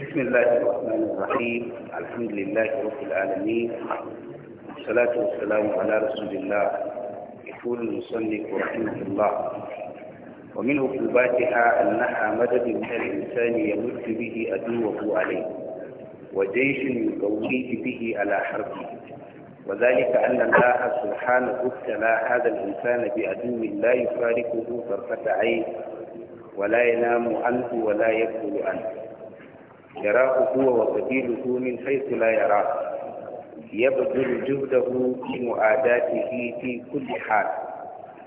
بسم الله الرحمن الرحيم الحمد لله رب العالمين والصلاة والسلام على رسول الله يقول المصنف رحمه الله ومنه في أنها مدد من الإنسان يمد به أدوه عليه وجيش يقويه به على حربه وذلك أن الله سبحانه ابتلى هذا الإنسان بعدو لا يفارقه طرفة عين ولا ينام عنه ولا يبذل عنه يراه هو وقبيله من حيث لا يراه يبذل جهده في مؤاداته في كل حال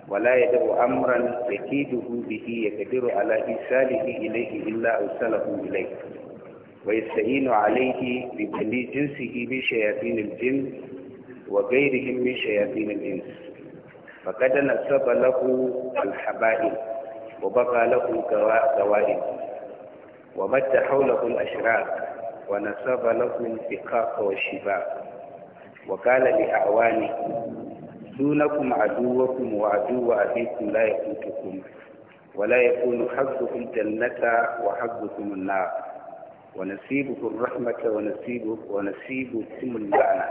ولا يدع أمرا يكيده به يقدر على ارساله إليه إلا ارسله إليه ويستعين عليه ببني جنسه من شياطين الجن وغيرهم من شياطين الإنس فقد نسب له الحبائل وبقى له الغوائب ومد حوله الأشرار ونصب لهم الفقاق والشباب وقال لأعواني دونكم عدوكم وعدو أبيكم لا يفوتكم ولا يكون حظكم جنة وحظكم النار ونسيبه الرحمة ونسيبه ونسيبكم اللعنة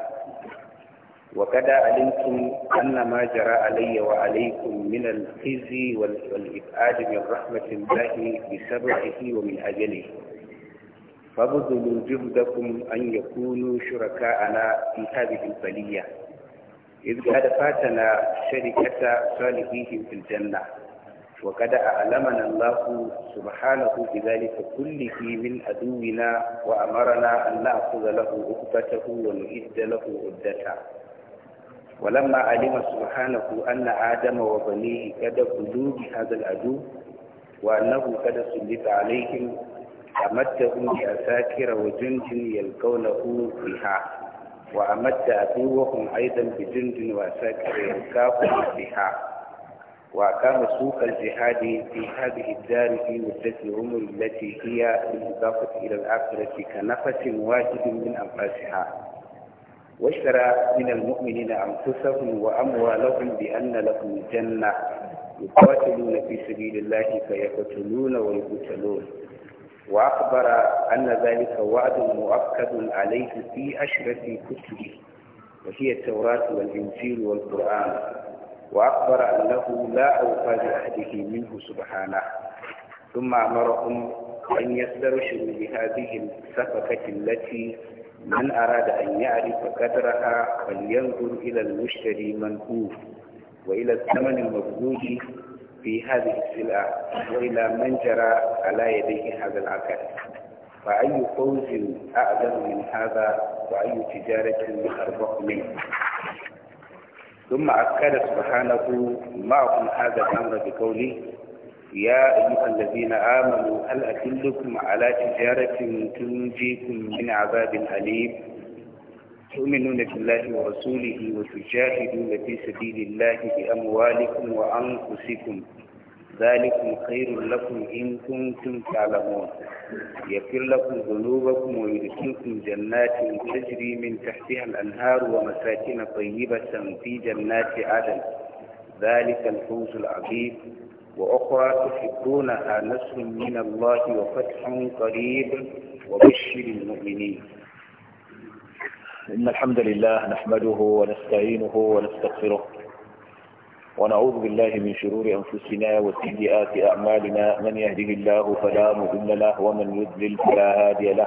وقد علمتم أن ما جرى علي وعليكم من الخزي والإبعاد من رحمة الله بسبعه ومن أجله فابذلوا جهدكم أن يكونوا شركاءنا في هذه البلية إذ قد فاتنا شركة صالحيه في الجنة وقد أعلمنا الله سبحانه بذلك كله من عدونا وأمرنا أن نأخذ له عقبته ونعد له عدته ولما علم سبحانه أن آدم وبنيه قد خلوا بهذا العدو وأنه قد سلط عليهم أمدهم بأساكر وجند يلقونه بها وأمد عدوهم أيضا بجند وأساكر يلقاهم بها وأقام سوق الجهاد في هذه الدار في مدة العمر التي هي بالإضافة إلى الآخرة كنفس واحد من أنفاسها واشترى من المؤمنين أنفسهم وأموالهم بأن لهم الجنة يقاتلون في سبيل الله فيقتلون ويقتلون وأخبر أن ذلك وعد مؤكد عليه في اشرف كتبه وهي التوراة والإنجيل والقرآن وأخبر أنه لا أوفى بعهده منه سبحانه ثم أمرهم أن يسترشدوا بهذه السفكة التي من أراد أن يعرف قدرها فلينظر إلى المشتري منكوف وإلى الثمن المفروض في هذه السلعة وإلى من جرى على يديه هذا العقد فأي فوز أعظم من هذا وأي تجارة أربح منه ثم أكد سبحانه معكم هذا الأمر بقوله يا أيها الذين آمنوا هل أدلكم على تجارة تنجيكم من عذاب أليم تؤمنون بالله ورسوله وتجاهدون في سبيل الله بأموالكم وأنفسكم ذلكم خير لكم إن كنتم تعلمون يغفر لكم ذنوبكم ويدخلكم جنات تجري من تحتها الأنهار ومساكن طيبة في جنات عدن ذلك الفوز العظيم وأخرى تحبونها نصر من الله وفتح قريب وبشر المؤمنين إن الحمد لله نحمده ونستعينه ونستغفره ونعوذ بالله من شرور أنفسنا وسيئات أعمالنا من يهده الله فلا مضل له ومن يضلل فلا هادي له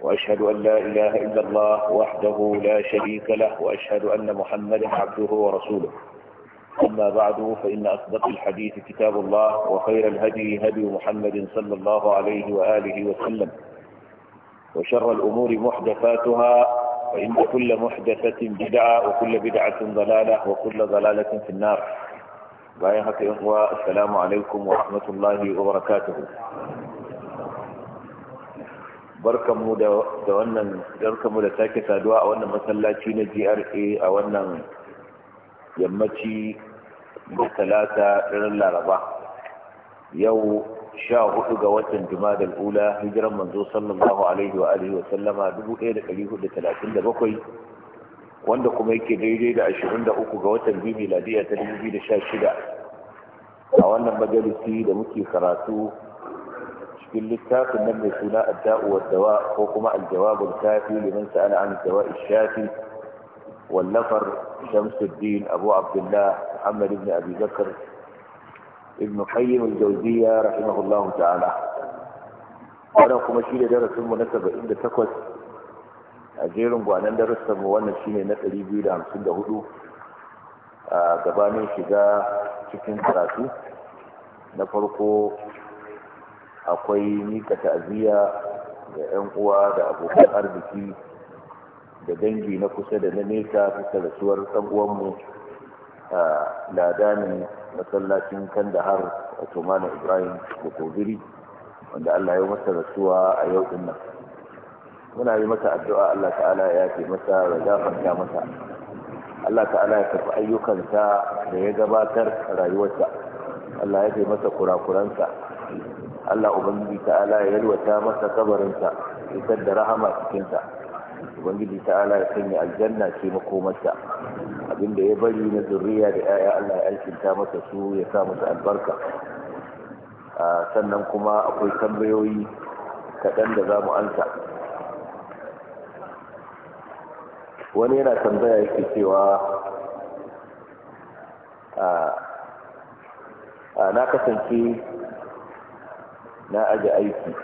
وأشهد أن لا إله إلا الله وحده لا شريك له وأشهد أن محمدا عبده ورسوله أما بعد فإن أصدق الحديث كتاب الله وخير الهدي هدي محمد صلى الله عليه وآله وسلم وشر الأمور محدثاتها فإن كل محدثة بدعة وكل بدعة ضلالة وكل ضلالة في النار بايعك إخوة السلام عليكم ورحمة الله وبركاته barkanmu da wannan barkanmu da sake saduwa a wannan masallaci na GRA a wannan yammaci da talata daren laraba yau sha hudu ga watan jumadal ula hijiran manzo sallallahu alaihi wa alihi wa sallama dubu ɗaya da da hudu talatin bakwai, wanda kuma yake daidai da ashirin da uku ga watan biyu miladiya ta shida. a wannan majalisi da muke karatu cikin littafin nan mai suna adda'u wa dawa ko kuma aljawabul kafi liman sa'ala an dawa'i shafi والنفر شمس الدين أبو عبد الله محمد بن أبي بكر ابن قيم الجوزية رحمه الله تعالى kuma shi ne darasinmu na saba'in da takwas a jerin gwanan darasinmu wannan shi na ɗari biyu da hamsin da hudu a gabanin shiga cikin karatu na farko akwai mika ta'aziyya ga 'yan uwa da abokan arziki da dangi na kusa da na nesa kusa da suwar uwanmu a ladanin masallacin kandahar wato malam ibrahim da Kogiri, wanda allah ya masa rasuwa a yau din nan muna yi masa addu'a allah ta'ala ya ce masa da gafarta masa allah ta'ala ya tafi ayyukansa da ya gabatar a rayuwarsa allah ya ce masa kurakuransa allah ubangiji ta'ala ya yalwata masa kabarinsa ya da rahama cikinsa ubangiji ta ala ya sanya aljanna ce makomarsa abinda ya bari na zuriya da 'ya'ya Allah ya alkinta masa su ya sa masa albarka sannan kuma akwai tambayoyi kaɗan da za mu ansa wani yana tambaya yake cewa na kasance na aji aiki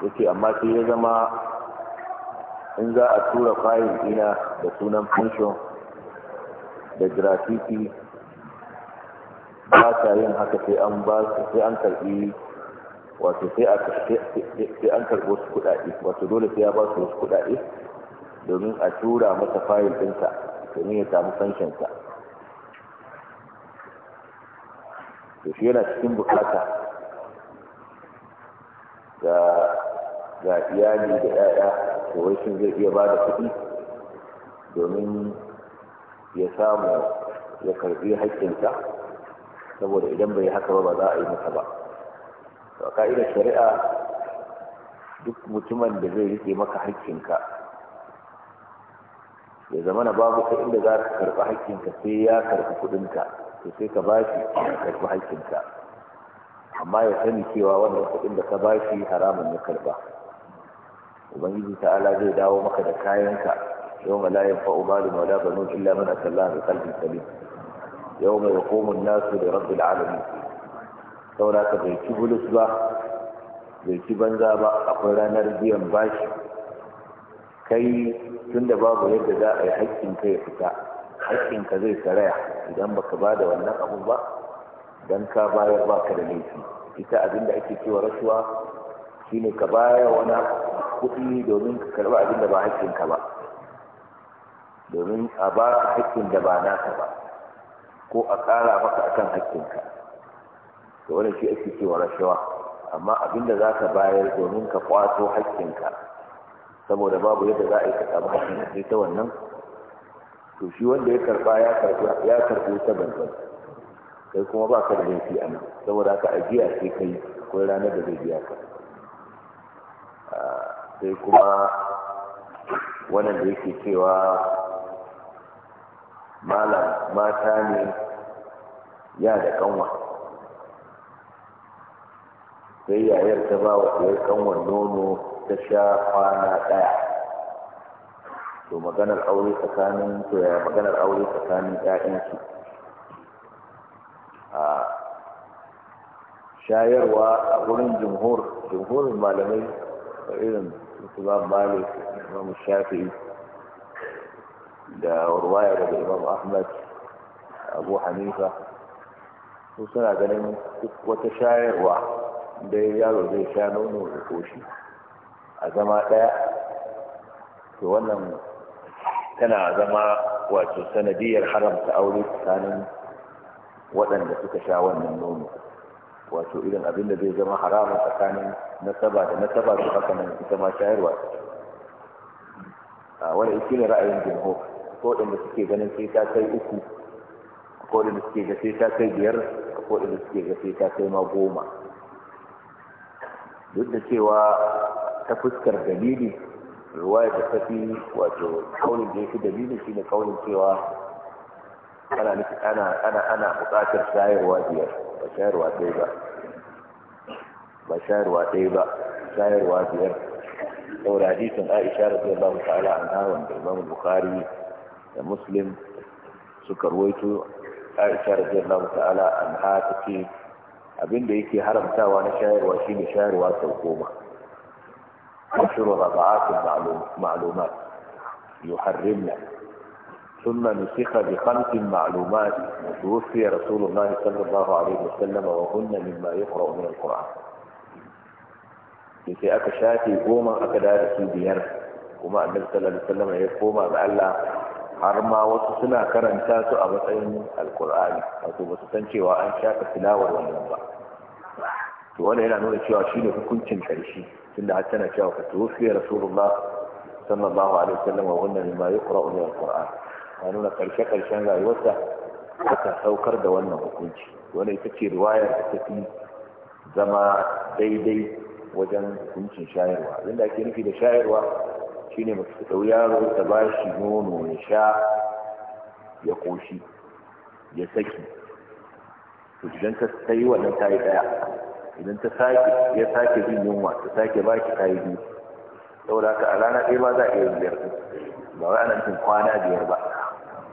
yake amma sai ya zama in za a tura fayil ɗina da sunan function da grafiti ba ta yin haka sai an ba su sai an karbi wato sai an karbi wasu kudade wato dole sai ya ba su wasu kuɗaɗe domin a tura masa fayil ɗinsa domin ya samu fanshinsa to shi yana cikin bukata da ga iyali da 'ya'ya ko zai iya ba da kuɗi domin ya samu ya karbi haƙƙinsa saboda idan bai haka ba ba za a yi masa ba to a ka'idar shari'a duk mutumin da zai rike maka haƙƙinka ya zama na babu ka inda za ka karɓi haƙƙinka sai ya karɓi kuɗinka to sai ka bashi ya karɓi haƙƙinka amma ya sani cewa wannan kuɗin da ka bashi haramun ya karɓa ubangiji ta'ala zai dawo maka da kayanka fa'u la yanfa'u malun wala banun illa man atallaha bi qalbin salim yawma ya an-nasu li rabbil alamin saboda ka bai ci bulus ba bai ci banza ba akwai ranar biyan bashi kai tunda babu yadda za a yi haƙƙin ka ya fita haƙƙin ka zai karaya idan baka ba da wannan abu ba dan ka bayar baka da laifi ita abinda ake cewa rasuwa shine ka baya wani kuɗi domin ka karɓi abin da ba haƙƙinka ba domin a ba ka haƙƙin da ba naka ba ko a ƙara maka akan haƙƙinka to wannan shi ake cewa rashawa amma abin da za ka bayar domin ka kwato haƙƙinka saboda babu yadda za a yi ka samu haƙƙin sai ta wannan to shi wanda ya karɓa ya karɓi ya karɓi ta banban kai kuma ba ka da laifi a nan saboda ka ajiya sai kai akwai ranar da zai biya ka sai kuma wannan da yake cewa malam mata ne ya da kanwa sai yayar ta ba wa ɗayar kanwa nono ta sha kwana ɗaya to maganar aure tsakanin to ya maganar aure tsakanin ƴaƴansu a shayarwa a wurin jumhur jumhurin malamai irin su ba malik imam shafi'i da ruwaya daga imam ahmad abu hanifa su suna ganin duk wata shayarwa da yaro zai sha nono da koshi a zama ɗaya to wannan tana zama wato sanadiyar haramta aure tsakanin waɗanda suka sha wannan nono wato irin abin da zai zama haramun tsakanin nasaba da nasaba su haka nan ita ma shayarwa a wani shi ne ra'ayin jimho ko inda suke ganin sai ta kai uku ko inda suke ga sai ta kai biyar ko inda suke ga sai ta kai ma goma duk da cewa ta fuskar dalili ruwa da tafi wato kaunin da ya fi dalili shine kaunin cewa ana ana ana ana buƙatar shayarwa biyar ba shayarwa ɗaya ba ba shayarwa ɗaya ba shayarwa biyar saboda hadisin aisha radiyallahu ta'ala anha wanda imam bukhari da muslim suka ruwaito aisha radiyallahu ta'ala anha tace abinda yake haramtawa na shayarwa shine shayarwa sau goma عشر رضعات معلومات يحرمنا ثم نسخ بخمس معلومات وتوفي رسول الله صلى الله عليه وسلم وهن مما يقرأ من القرآن sai sai aka shafe goma aka dawo da su biyar kuma annabi sallallahu alaihi wasallam ya koma ga Allah har ma wasu suna karanta su a matsayin alkur'ani wato ba su san cewa an shafe tilawar wannan ba to wannan yana nuna cewa shine hukuncin karshe tunda har tana cewa ka tufi rasulullah sallallahu alaihi wasallam wa wannan ma yuqra'u min alqur'an ya nuna karshe karshen rayuwarsa aka saukar da wannan hukunci wannan ita ce riwayar da tafi zama daidai wajen hukuncin shayarwa abinda ake nufi da shayarwa shine mace ta ɗau yaro ta ba shi nono ya sha ya koshi ya saki to idan ta sai wannan tayi yi ɗaya idan ta sake ya sake jin yunwa ta sake ba shi ta biyu saboda haka a rana ɗaya ma za a iya biyar ba wai ana nufin kwana biyar ba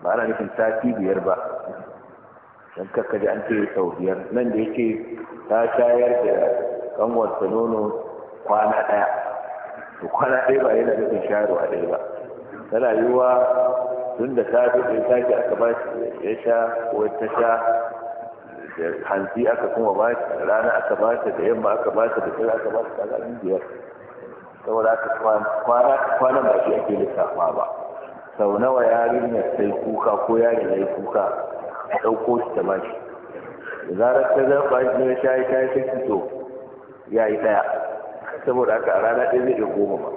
ba ana nufin sati biyar ba don kakkaji an ce sau biyar nan da yake ta shayar da kanwarsa nono kwana ɗaya to kwana ɗaya ba yana nufin shayarwa ɗaya ba tana yiwuwa tun da ta fi ɗin taki aka ba shi ya sha ko ta sha da hanzi aka kuma ba shi rana aka ba shi da yamma aka ba shi da tsira aka ba shi kaga ɗin biyar saboda aka kwana kwana ba shi ake lissafa ba sau nawa yarinyar ta yi kuka ko yarin ya yi kuka A ɗauko shi ta ba shi da zarar ta zaɓa shi ne shayi shayi sai fito ya yi ɗaya saboda haka a rana ɗaya zai iya goma ba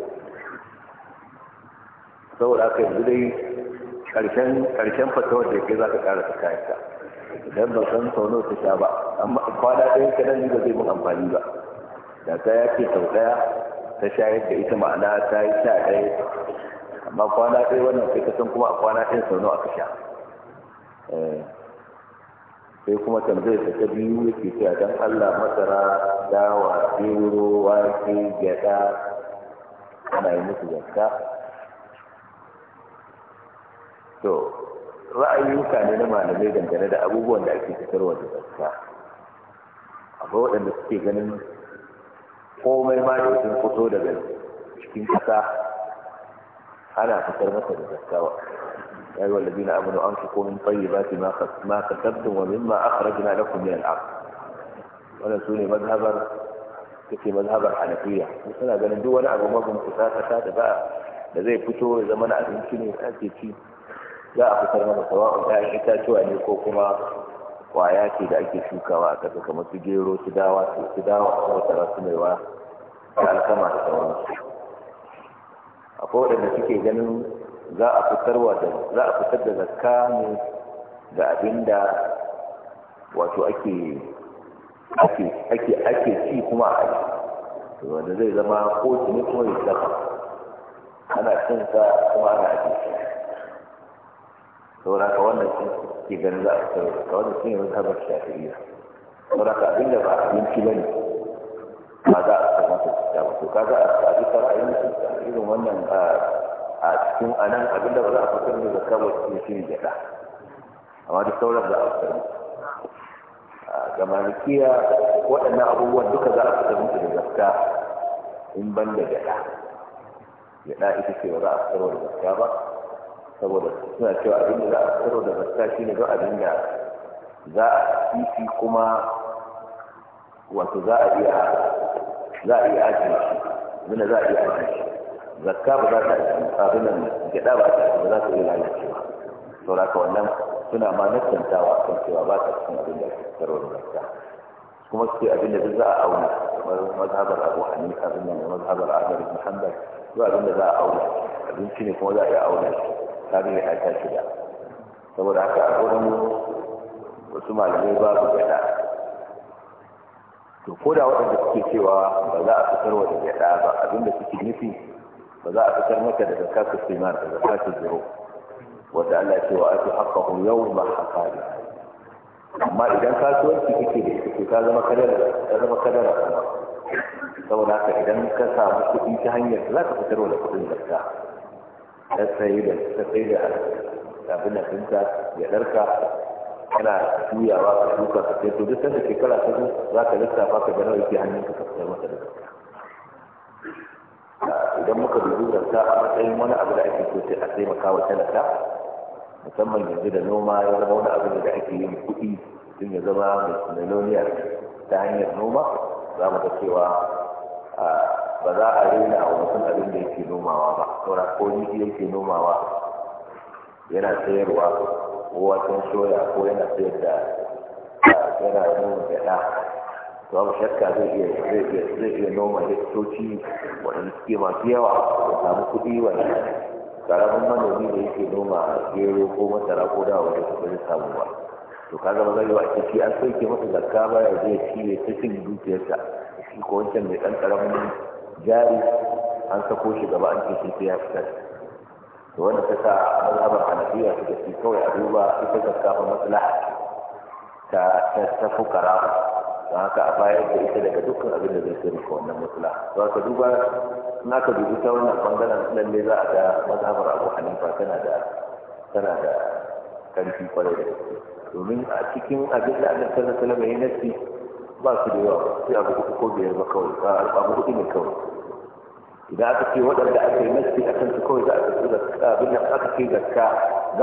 saboda haka yanzu dai ƙarshen fatawar da ke za ka ƙara ta kayan ka idan ba san sau nawa ta sha ba amma kwana ɗaya nan ba zai mun amfani ba da ta ya ce sau ɗaya ta shayar da ita ma'ana ta yi sha ɗaya amma kwana ɗaya wannan sai ka san kuma a kwana ɗaya sau nawa ka sha eh. sai kuma tambayar da ta biyu yake cewa dan Allah masara dawa gero wake gyada ana yi musu zakka to ra'ayuka ne na malamai dangane da abubuwan da ake fitarwa da zakka akwai waɗanda suke ganin komai ma da sun fito daga cikin ƙasa ana fitar masa da wa يا أيها الذين آمنوا أنفقوا من طيبات ما ما كسبتم ومما أخرجنا لكم من الأرض وأنا سوني مذهبا take mazhabar hanafiya su suna ganin duk wani abu magun kusa kasa da ba da zai fito ya zama na abinci ne ake ci za a fitar mana sawa'un ɗayan itatuwa ne ko kuma kwaya ce da ake shukawa a ƙasa kamar gero su dawa su su dawa su masara maiwa da alkama da sauransu akwai waɗanda kike ganin za a fitar da za a fitar da zakka ne ga abinda wato ake ake ake ake ci kuma a ci wanda zai zama ko ne kuma ya zama ana cin sa kuma ana ake ci saboda ka wannan shi ke ganin za a fitar ka wannan shi ne wani kamar shafi'iyya saboda ka abinda ba abinci ba ne ba za a fitar da cuta ba to ka za a fitar a irin wannan a cikin anan abin da ba za a fitar da zakka ba cikin ne gyaɗa amma duk sauran za a fitar ga malikiya waɗannan abubuwan duka za a fitar musu da gaska in ban da gyaɗa gyaɗa ita ce ba za a fitar da gaska ba saboda suna cewa abinda za a fitar da shi ne don da za a fifi kuma wato za a iya za a iya ajiye shi za a iya ajiye shi zakka ba za ta abin nan gida ba ta ba za ta yi lalacewa to haka wannan suna ma nassantawa kan cewa ba ta cikin abin da ake fitarwa da zakka kuma suke abin da duk za a auna kamar mazhabar abu hanifa abin nan mazhabar azhar ibn hanbal zuwa abin da za a auna abinci ne kuma za a iya auna shi kafin ya aika shi saboda haka a wurin wasu malamai babu gada to ko da waɗanda suke cewa ba za a fitarwa da gyaɗa ba abinda suke nufi فذا أفكر مكة لذكاك الثمان لذكاك الزروب وذا ألا سواءك حقه يوم حقاري ما إذا كانت وانت كتير كتير هذا ما كدر هذا ما كدر سوى ناسا إذا نكا سابقك إنت هنيا لا تفكروا لك إن لك السيدة السيدة تابلنا كنت يدرك أنا سوية راسك لك فتيتو لسا نكي كلا تجو راسك لسا فاك جنوي في هنيا كتير ما كدر idan muka dubi zakka a matsayin wani abu da ake a sai a taimaka wa talaka musamman yanzu da noma ya zama wani abu da ake yin kuɗi tun ya zama miloniyar ta hanyar noma za mu ga cewa ba za a rena wa mutum abin da yake nomawa ba saura ko ni yake nomawa yana sayarwa ko wasan soya ko yana sayar da yana nuna gyaɗa babu shakka zai iya zai iya noma hektoci waɗanda suke masu yawa da samu kuɗi wani karamin manomi da yake noma gero ko masara ko dawa da kuma zai samu ba to ka ba zai yi wa ciki an soke masa zakka ba ya zai cire ta cin dukiyarsa shi ko wancan mai ɗan ƙaramin jari an sako shi gaba an ce shi ta ya fitar to wanda ta sa mazhabar hanafiya suka ce kawai a duba ita zakka ba matsala ta ta fukara don haka a bayar da ita daga dukkan abin da zai taimaka wannan matsala za ka duba na ka dubi ta wannan bangaren lalle za a ga mazhabar abu hanifa tana da tana da karfi kwarai da gaske domin a cikin abin da annabi sallallahu alaihi mai nasi ba su da yawa sai abu uku ko biyar ba kawai abu hudu ne kawai idan aka ce waɗanda aka yi nasi a kansu kawai za a karɓi zakka abin da aka ce zakka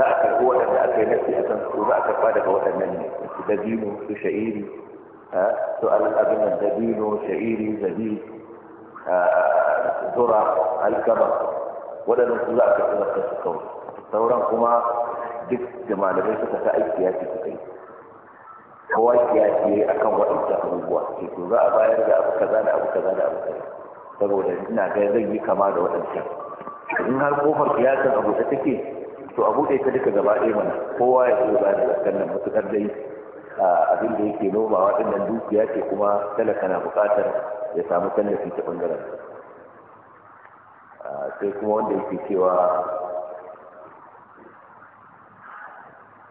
za a karɓi waɗanda aka yi nasi a kansu za a karɓa daga waɗannan ne da dabino su sha'iri to abin da dabino sha'iri zabi zura alkama waɗannan su za a karɓi zakar su kawai sauran kuma duk da malamai suka ta aiki ya ce suka yi kowa kiyasi a kan waɗancan abubuwa ce to za a bayar da abu kaza da abu kaza da abu kaza saboda ina ga zan yi kama da waɗancan in har kofar kiyasin abu ta take to abu ɗaya ta duka gaba ɗaya mana kowa ya zo ba da zakar nan matuƙar dai abin da yake nomawa ɗin dukiya ce kuma talaka na buƙatar ya samu tallafi ta ɓangaren sai kuma wanda yake cewa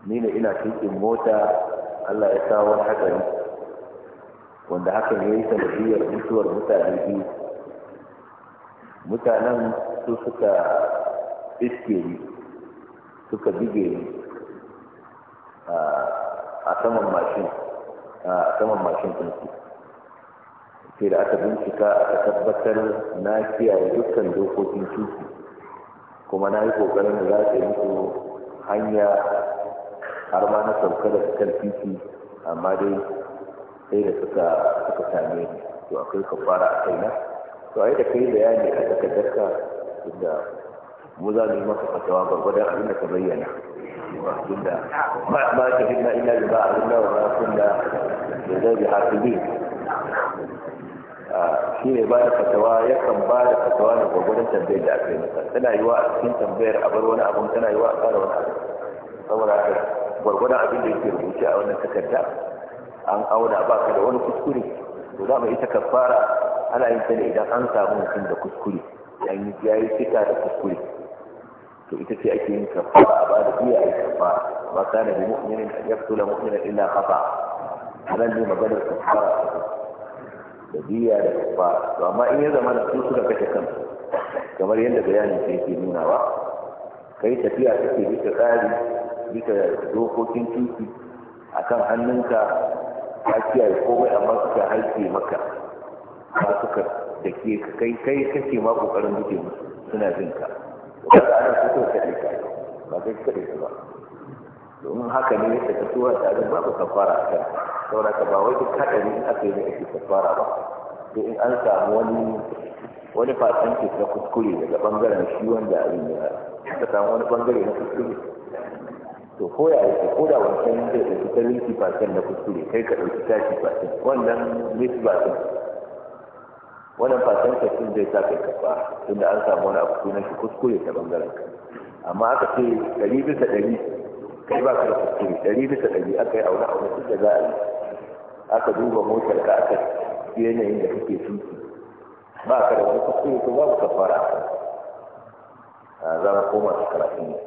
ni ne ina tukin mota Allah ya kawo wani hatsari wanda hakan ya yi sanadiyar mutuwar mutane biyu mutanen su suka iske ni suka bige ni a saman mashin a saman mashin ɗinki sai da aka bincika aka tabbatar na kiyaye dukkan dokokin titi kuma na yi ƙoƙarin da za ta yi hanya har ma na sauka da kan titi amma dai sai da suka suka same ni to akwai kafara a na to ai da kai bayani a takaddarka da mu za mu yi maka fatawa gwargwadon abin da ka bayyana tunda ba ba ka na ina da ba abin da wa tunda da zai bi hafibi ah, shi ne ba da fatawa yakan ba da fatawa na gwagwarin tambayar da aka yi masa tana yi wa a cikin tambayar a bar wani abu tana yi wa a tsara wani abu saboda haka gwagwarin abin da yake rubuce a wannan takarda an auna ba ka da wani kuskure to za mu ita kafara ana yin ta ne idan an samu mutum da kuskure yan yi ya yi fita da kuskure to ita ce ake yin kafara a ba da iya yi kafara ba kana bi mu'minin an yaftula mu'minin illa khata anan ne maganar kafara da biya da kafara to amma in ya zama da su suka kashe kansu kamar yadda bayanin sai yake nunawa kai tafiya take bisa tsari bisa dokokin titi kan hannunka ka kiyaye komai amma suka haike maka ba suka da ke kai kai kake ma kokarin guje musu suna jin ka ko da ana so ka kaɗe ka ba kai kaɗe ka ba domin haka ne yadda ka tura a abin ba kafara a kan saboda ka ba wai duk haɗari in aka yi ne ake kafara ba sai in an samu wani wani fasanci na kuskure daga bangaren shi wanda abin ya ka samu wani bangare na kuskure to ko ya yake ko da wancan zai ɗauki ta linki fasan na kuskure kai ka ɗauki tashi fatan wannan misbatin wannan fatan kafin zai sa kai kafa tunda an samu wani abu sunan shi kuskure ta bangaren ka amma aka ce ɗari bisa ɗari kai ba ka da kuskure ɗari bisa ɗari aka yi auna auna wani da za a yi aka duba motar ka aka yanayin da kake tuki ba ka da wani kuskure ko babu kafara za mu koma karatun ne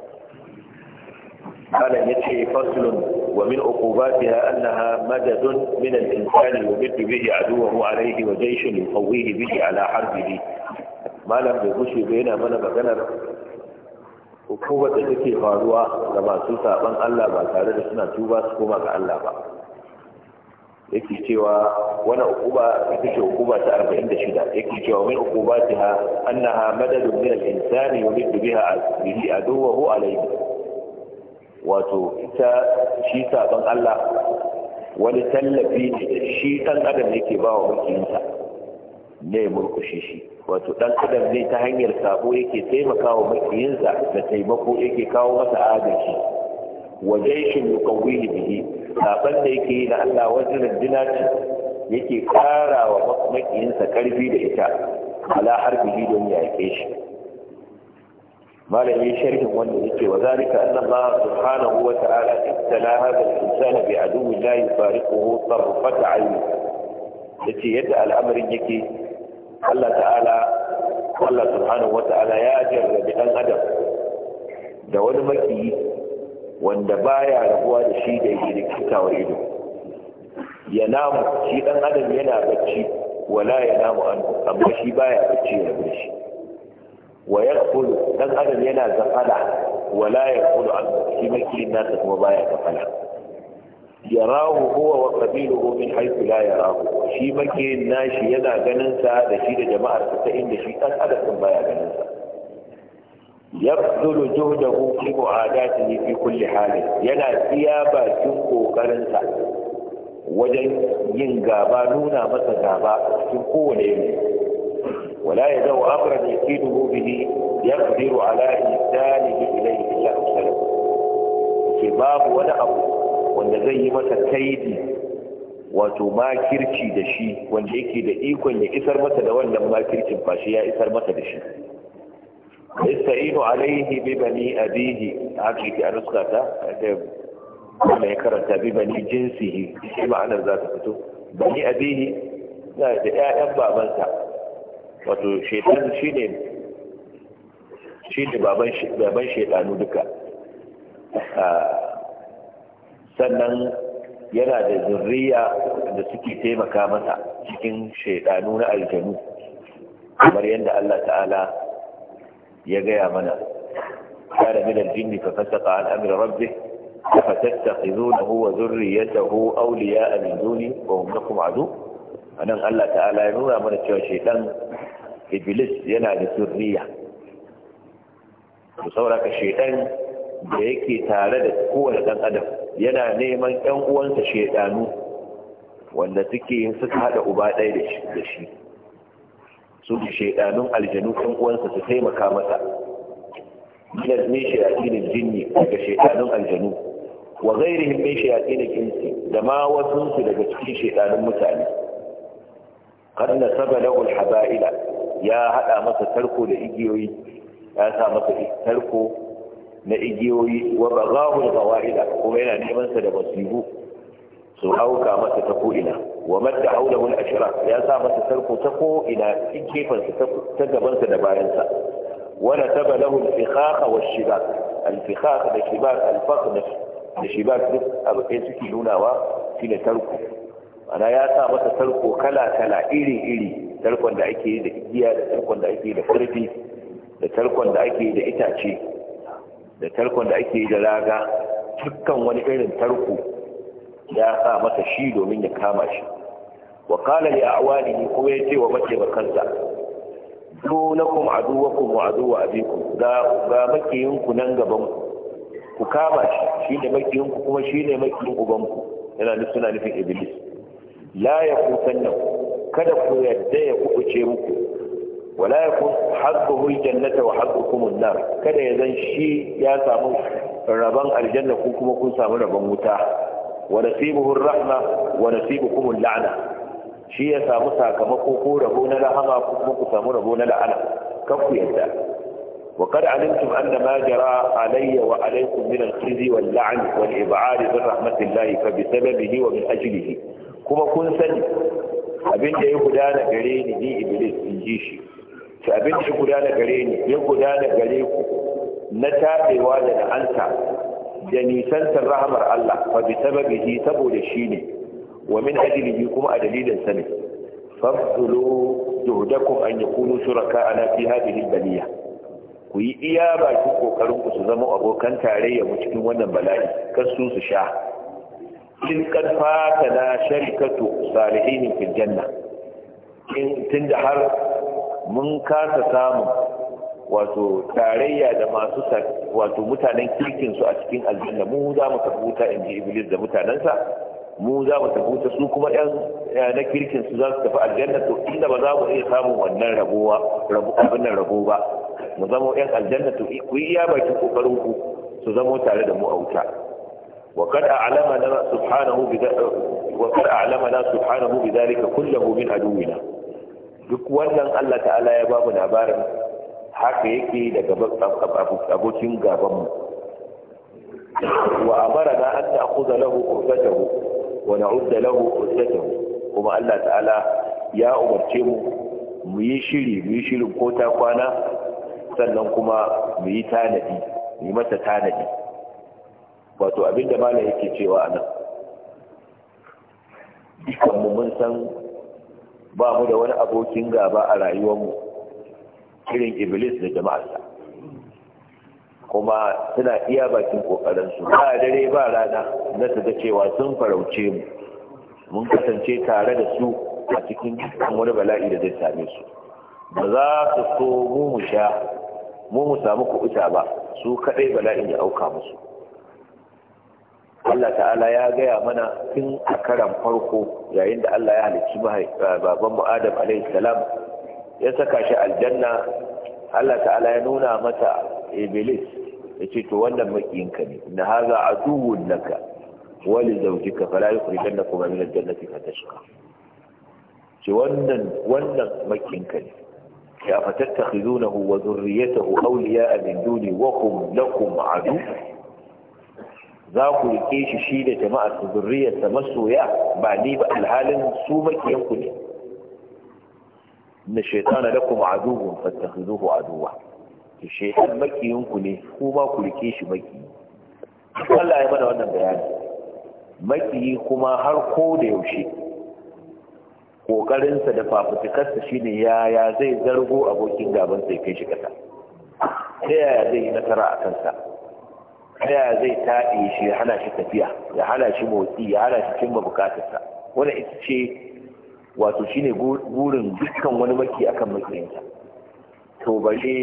malam ya ce faslun wa min uqubatiha annaha madadun min al-insan yumiddu bihi aduwwahu alayhi wa jayshun yuqawwihi bihi ala harbihi malam bai gushe ba yana mana maganar hukumar da take faruwa ga masu saban Allah ba tare da suna tuba su koma ga Allah ba yake cewa wani ukuba ita ce ukuba ta 46 yake cewa min ukubatiha annaha madadun min al-insani yuriddu biha bihi aduwwahu alayhi wato ita shi saban Allah wani tallafi ne da shi ɗan adam yake ba wa makiyinsa ne murkushe shi wato ɗan adam ne ta hanyar sabo yake taimaka wa da taimako yake kawo masa agaji wa jaishin ne bihi saban da yake yi na Allah wajen rundina ce yake kara wa makiyinsa ƙarfi da ita ala harbihi don yaƙe shi malami sharhin wanda yake wa zalika anna Allah subhanahu wa ta'ala ibtala hadha al-insan bi aduwwi la yufariquhu tarfat 'ayn yace yadda al'amarin yake Allah ta'ala Allah subhanahu wa ta'ala ya jarrabi dan adam da wani makiyi wanda baya rabuwa da shi da yake da kitawar ido ya namu shi dan adam yana bacci wala ya namu an amma shi baya bacci ya rabu shi wa yaqulu dan adam yana zafala wala yaqulu an shi maki nasa kuma baya zafala yarahu huwa wa qabiluhu min haythu la yarahu shi maki nashi yana ganin sa da shi da jama'ar sa ta inda shi dan adam sun baya ganin sa yabdulu juhdahu fi mu'adatihi fi kulli halin yana tsiya bakin kokarin sa wajen yin gaba nuna masa gaba cikin kowane yanayi ولا يدع أمرا يكيده به يقدر على إنسانه إليه إلا أرسله ke babu wani abu wanda zai yi masa kaidi wato makirci da shi wanda yake da ikon ya isar masa da wannan makircin ba shi ya isar masa da shi yasta'inu alaihi bi bani abihi haka yake a nuska ta Kuma ya karanta bi bani jinsihi shi ma'anar za ta fito bani abihi da 'ya'yan babansa wato shaitan shi ne baban shaitanu duka ah, sannan yana da zurriya da suke taimaka masa cikin shaidanu na aljanu kamar yadda Allah ta'ala ya gaya mana kana min aljinni fa fasaqa an amri rabbih fa tattakhidhunahu wa dhurriyyatahu awliya'a min duni wa hum lakum adu anan Allah ta'ala ya nuna mana cewa shaidan iblis yana da zurriya to sauraka shaidan da yake tare da kowane dan adam yana neman ɗan uwansa shaidanu wanda suke yin suka hada uba ɗaya da shi su da shaidanun aljanu ɗan uwansa su taimaka masa minal min shayatinil jinni daga shaidanun aljanu wa ghairihim min shayatinil insi da ma wasu su daga cikin shaidanun mutane kan nasaba lahu alhaba'ila ya hada masa tarko da igiyoyi ya sa masa tarko na igiyoyi wa baghahu alqawaida kuma yana neman sa da basiru su hauka masa ta ko'ina wa madda haulahu al ya sa masa tarko ta ko'ina cikin ta gabansa da bayansa wala taba lahu al-fikhakha wa shiga al-fikhakha da shibak al da shibak duk abu suke nunawa shine tarko ana ya sa masa tarko kala-kala iri-iri tarkon da ake yi da igiya da tarkon da ake yi da ƙarfi da tarkon da ake yi da itace da tarkon da ake yi da raga dukkan wani irin tarko ya sa masa shi domin ya kama shi wa kala li ne kuma ya ce wa mace bakansa zo na kuma aduwa abikum ga ga makiyinku nan gaban ku ku kama shi ne makiyinku kuma shi ne makiyin ubanku yana nufin iblis لا يكون فنه كذا كو يدي كوكوشي موكو ولا يكون حظه الجنة وحظكم النار كذا يزن شيء يا سامو ربان الجنة كوكو موكو سامو ربان متاح ونسيبه الرحمة ونسيبكم اللعنة شيء يا سامو ساكما كوكو ربونا لهما كوكو موكو سامو ربونا لعنة كفو يدى وقد علمتم أن ما جرى علي وعليكم من الخزي واللعن والإبعاد من رحمة الله فبسببه ومن أجله kuma kun sani abin da ya gudana gare ni ni iblis in ji shi To abin da ya gudana gare ni ya gudana gare ku na tabewa da na'anta da nisantar rahamar Allah fa bi shi saboda shi ne wa min ajlihi kuma a dalilin sa ne fabdulu juhdakum an yakunu shuraka ala fi hadhihi baliya ku yi iya bakin kokarin ku su zama abokan tarayya mu cikin wannan bala'i kar su su sha in kad ta na sharikatu salihin fil janna in har mun kasa samu wato tarayya da masu wato mutanen kirkin su a cikin aljanna mu za mu tabbuta in ji iblis da mutanensa mu za mu tabbuta su kuma yan na kirkin su za su tafi aljanna to inda ba za mu iya samun wannan rabuwa rabu abin nan rabo ba mu zama yan aljanna to ku yi iya bakin kokarin ku su zamo tare da mu a wuta وقد أعلمنا سبحانه بذلك وقد أعلمنا سبحانه بذلك كله من عدونا duk wannan Allah ta'ala ya babu labarin haka yake daga abokin gabanmu wa amara na an ta'khudha lahu qurbatahu wa na'udda lahu qurbatahu kuma Allah ta'ala ya umarce mu mu yi shiri mu yi shirin ko ta kwana sannan kuma mu yi tanadi mu yi masa tanadi wato abinda malam yake cewa anan dukkan mu mun san ba mu da wani abokin gaba a rayuwar mu irin iblis da jama'arsa kuma suna iya bakin kokarinsu ba dare ba rana na su da cewa sun farauce mu mun kasance tare da su a cikin dukkan wani bala'i da zai same su ba za su so mu mu sha mu mu samu kuɓuta ba su kaɗai bala'in ya auka musu Allah ta'ala ya gaya mana tun a karan farko yayin da Allah ya halicci baban mu Adam alaihi salam ya saka shi aljanna Allah ta'ala ya nuna mata iblis ce, to wannan makinka ne inna hadha aduwwun laka wa li zawjika fala yukhrijannakuma min aljannati fatashqa ce wannan wannan makinka ne ya fatattakhizunahu wa dhurriyyatahu awliya'a min duni wa hum lakum adu za ku rike shi shi da jama'a su zurriyarsa masoya ba ni ba alhalin su makiyanku ne. ne shaitana da kuma aduwwun fattakhizuhu aduwwa to shaytan makiyin makiyanku ne ko ba ku rike shi maki Allah ya mana wannan bayani maki kuma har ko da yaushe kokarinsa da fafutukarsa shine yaya zai zargo abokin gaban sai kai shi kasa ta yaya zai yi nasara a kansa ta zai taɗe shi ya hana shi tafiya ya hana shi motsi ya hana shi cimma bukatarsa wani ita ce wato shine burin dukkan wani maki akan makiyinsa to bare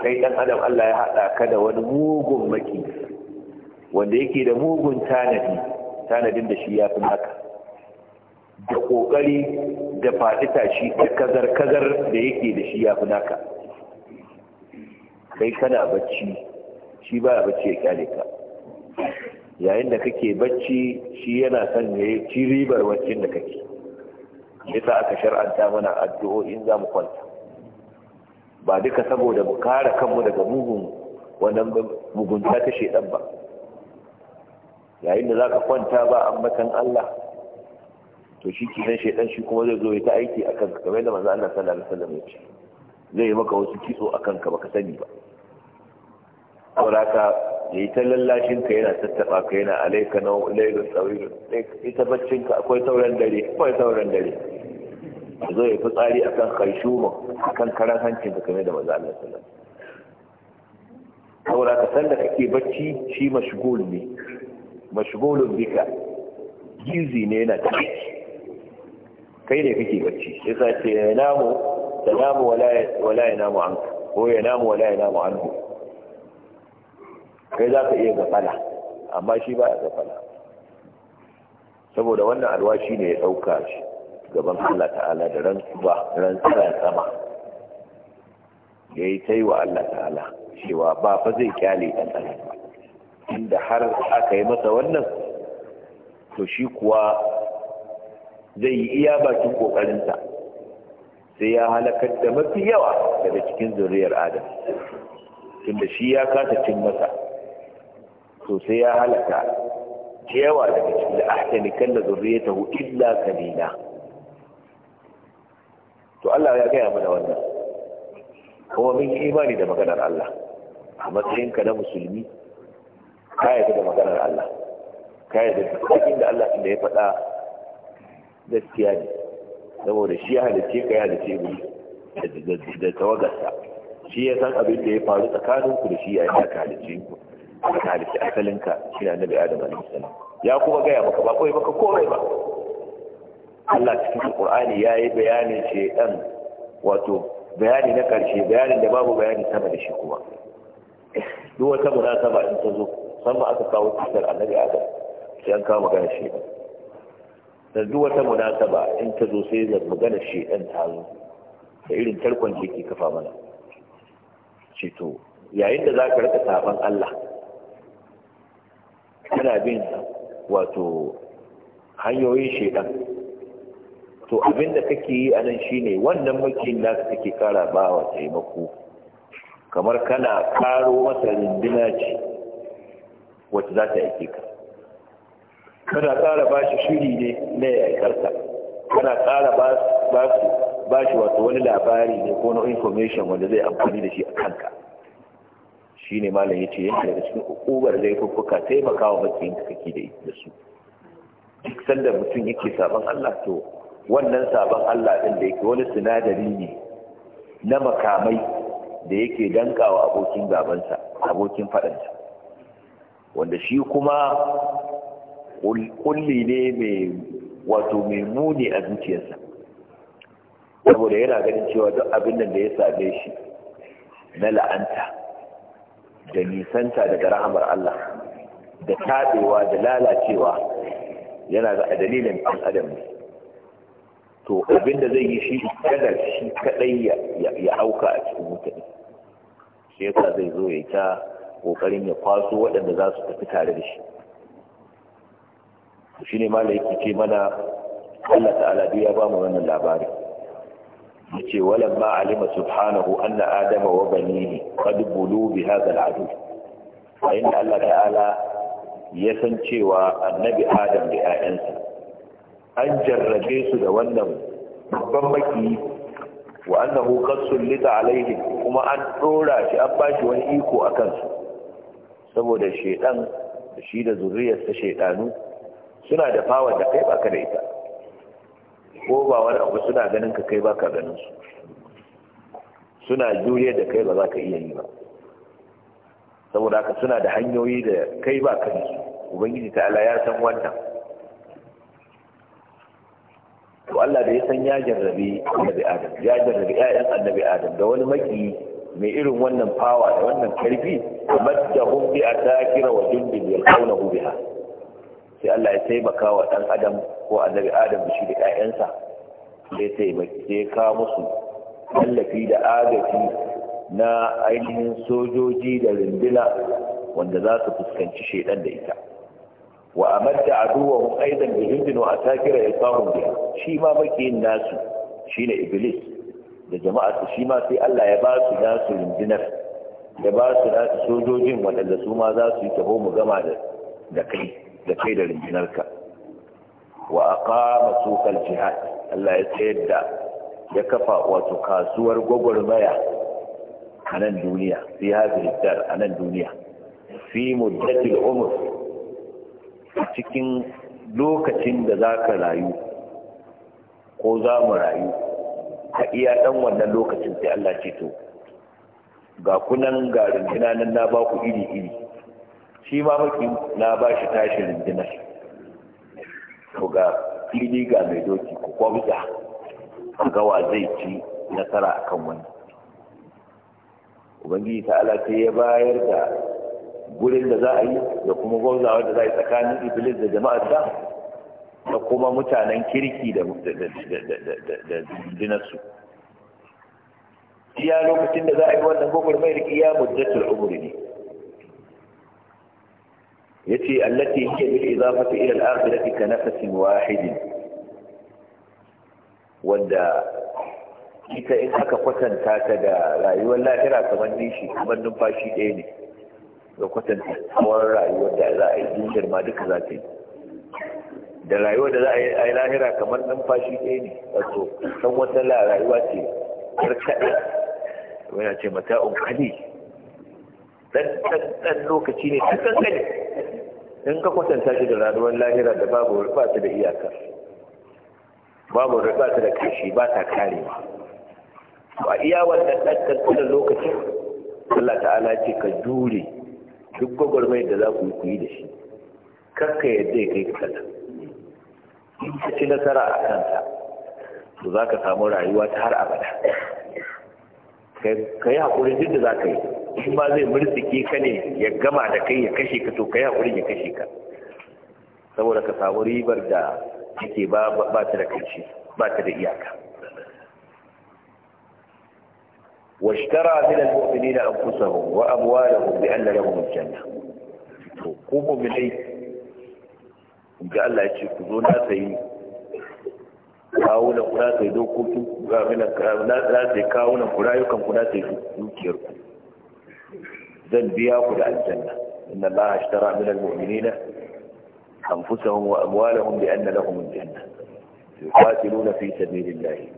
kai dan adam Allah ya haɗa ka da wani mugun maki wanda yake da mugun tanadi tanadin da shi ya fi naka da ƙoƙari da faɗi tashi da kazar-kazar da yake da shi ya fi naka kai kana bacci shi baya bacci ya kyale ka yayin da kake bacci shi yana son ya yi ribar waccin da kake nisa aka shar'anta mana addu'o'in za mu kwanta ba duka saboda mu kare kanmu daga mugun wannan mugunta ta shedan ba yayin da za ka kwanta ba ambatan Allah to shi kinan shedan shi kuma zai zo ya ta aiki akan kamar da manzo Allah sallallahu alaihi wasallam ya ce zai yi maka wasu kitso akan ka baka sani ba sauraka ya yi ta lallashin ka yana tattaɓa ka yana alaika na lailun tsawilun ita baccin ka akwai sauran dare akwai sauran dare a zo ya fi tsari a kan ma a kan karan hancin ka kame da maza Allah sallam sauraka sanda kake bacci shi mashgul ne bika gizi ne yana tafi kai ne kake bacci sa ce ya namu ta namu wala ya namu an ko ya namu wala ya namu anhu kai za ka iya gafala amma shi ba ya gafala saboda wannan alwashi ne ya ɗauka shi gaban Allah ta'ala da rantsuwa rantsuwa sama ya yi ta wa Allah ta'ala cewa ba fa zai kyale ɗan inda har aka yi masa wannan to shi kuwa zai yi iya bakin ƙoƙarinsa sai ya halakar da mafi yawa daga cikin zuriyar adam tunda shi ya kasa cin masa to sai ya halaka yawa daga cikin ne kalla hu illa kalila to Allah ya gaya mana wannan kuma mun yi imani da maganar Allah a matsayin ka na musulmi ka yi da maganar Allah ka yi da cikin da Allah inda ya faɗa gaskiya ne saboda shi ya halice ka ya halice mu da tawagarsa shi ya san abin da ya faru tsakaninku da shi ya yi haka halice ku ka halitta asalinka shi na nabi adam alaihi ya kuma gaya maka ba kawai maka komai ba Allah cikin alqur'ani ya yi bayanin ɗan wato bayani na karshe bayanin da babu bayani sama da shi kuma duk wata sama in ta zo sama aka kawo cutar annabi adam sai an kawo magana ba. da duk wata sama in ta zo sai da magana shedan ta zo da irin tarkon jiki kafa mana ceto yayin da za ka rika saban Allah kana bin wato hanyoyin shaidan to abin da kake yi a nan shine wannan makiyin naka kake kara ba wa taimako kamar kana karo masa rindina ce wacce za ta yake ka kana kara ba shi shiri ne na yakarta kana kara ba shi wato wani labari ne ko na information wanda zai amfani da shi a kanka shine malam yace yana daga cikin ukubar laifuffuka taimakawa matsayin da kake da su duk sanda mutum yake sabon Allah to wannan sabon Allah ɗin da yake wani sinadari ne na makamai da yake dankawa abokin gabansa abokin faɗansa wanda shi kuma kulli ne mai wato mai muni a zuciyarsa saboda yana ganin cewa duk abin da ya same shi na la'anta da nisanta daga rahamar Allah da taɗewa da lalacewa yana da dalilin ɗan adam ne to abinda zai yi shi kada shi kadai ya auka a cikin mutane shi yasa zai zo ya ta ƙoƙarin ya kwaso waɗanda za su tafi tare da shi shi ne ma yake mana Allah ta'ala duk ya mu wannan labari yace ma alima subhanahu anna adama wa banihi qad bulu bi hadha al'adu fa inna Allah ta'ala ya san cewa annabi adam da 'ya'yansa an jarrabe su da wannan babban maki wa annahu qad sullita alaihi kuma an dora shi an bashi wani iko akan su saboda shedan shi da zuriyarsa shedanu suna da fawa da kai baka da ita ko ba wani abu suna ganin ka kai baka ganin su suna juriya da kai ba za ka iya yi ba saboda haka suna da hanyoyi da kai ba ka su ubangiji ta ala ya san wannan to Allah da ya san ya jarrabe annabi Adam ya jarrabe ƴaƴan annabi Adam da wani maki mai irin wannan fawa da wannan karfi maddahum bi atakira wa jundin yalqawnahu biha sai Allah ya taimaka wa dan Adam ko annabi adam da shi da ƴaƴansa ya taimake musu tallafi da agaji na ainihin sojoji da rinduna wanda za su fuskanci shaidan da ita wa amadda aduwahum aidan bi hindin wa asakira yasahum biha shi ma makiyin nasu shine iblis da jama'a su shi ma sai Allah ya ba su nasu rundunar da ba su nasu sojojin waɗanda su ma za su yi taho mu gama da kai da kai da rundunarka wa aqama suqal jihad Allah ya tsayar da ya kafa wato kasuwar gwagwarmaya a nan duniya fi hadhihi dar a nan duniya fi muddatil umr cikin lokacin da zaka rayu ko za mu rayu a iya dan wannan lokacin sai Allah ce to ga kunan ga nan na ba ku iri iri shi ma maki na ba shi tashi shi to ga fili ga mai doki ku kwabda ga wa zai ci nasara akan wani ubangiji ta'ala sai ya bayar da gurin da za a yi da kuma gwamnawa da za a yi tsakanin iblis da jama'a da da kuma mutanen kirki da dinarsu iya lokacin da za a yi wannan gwagwarmayar iya muddatul umuri ne yace allati hiya bil izafati ila al akhirati ka nafsin wahidin wanda ita in aka kwatanta ta da rayuwar lahira kamar nishi kamar numfashi ɗaya ne da kwatanta tsawon rayuwar da za a yi duniyar ma duka za ta yi da rayuwar da za a yi lahira kamar numfashi ɗaya ne wato san wata rayuwa ce har kaɗai wani ce mata'un kali ɗan lokaci ne ta kankani in ka kwatanta shi da raduwar lahira da babu rufa da iyaka babu rufa da kashi ba ta karewa a iya wannan ɗan kankanin lokacin Allah ta'ala ce ka jure duk gwagwarmai da za ku yi ku yi da shi kakka yadda ya kai ka kada in ka ci nasara a kanta, to za ka samu rayuwa ta har abada ka yi haƙuri duk da za ka yi shi ma zai murtsike ka ne ya gama da kai ya kashe ka to ka yi haƙuri ya kashe ka saboda ka samu ribar da take ba ta da kanci ba ta da iyaka shtara min al muminin anfusahum wa amwalahum bi anna lahum al-janna to ku mu'minai inda Allah ya ce ku zo na sayi kawunan ku na sai dokokin na sai kawunan ku rayukan ku na sai dukiyar ku zan biya ku da aljanna inna allaha ashtara min almu'minina anfusahum wa amwalahum bi anna lahum aljanna yuqatiluna fi sabilillahi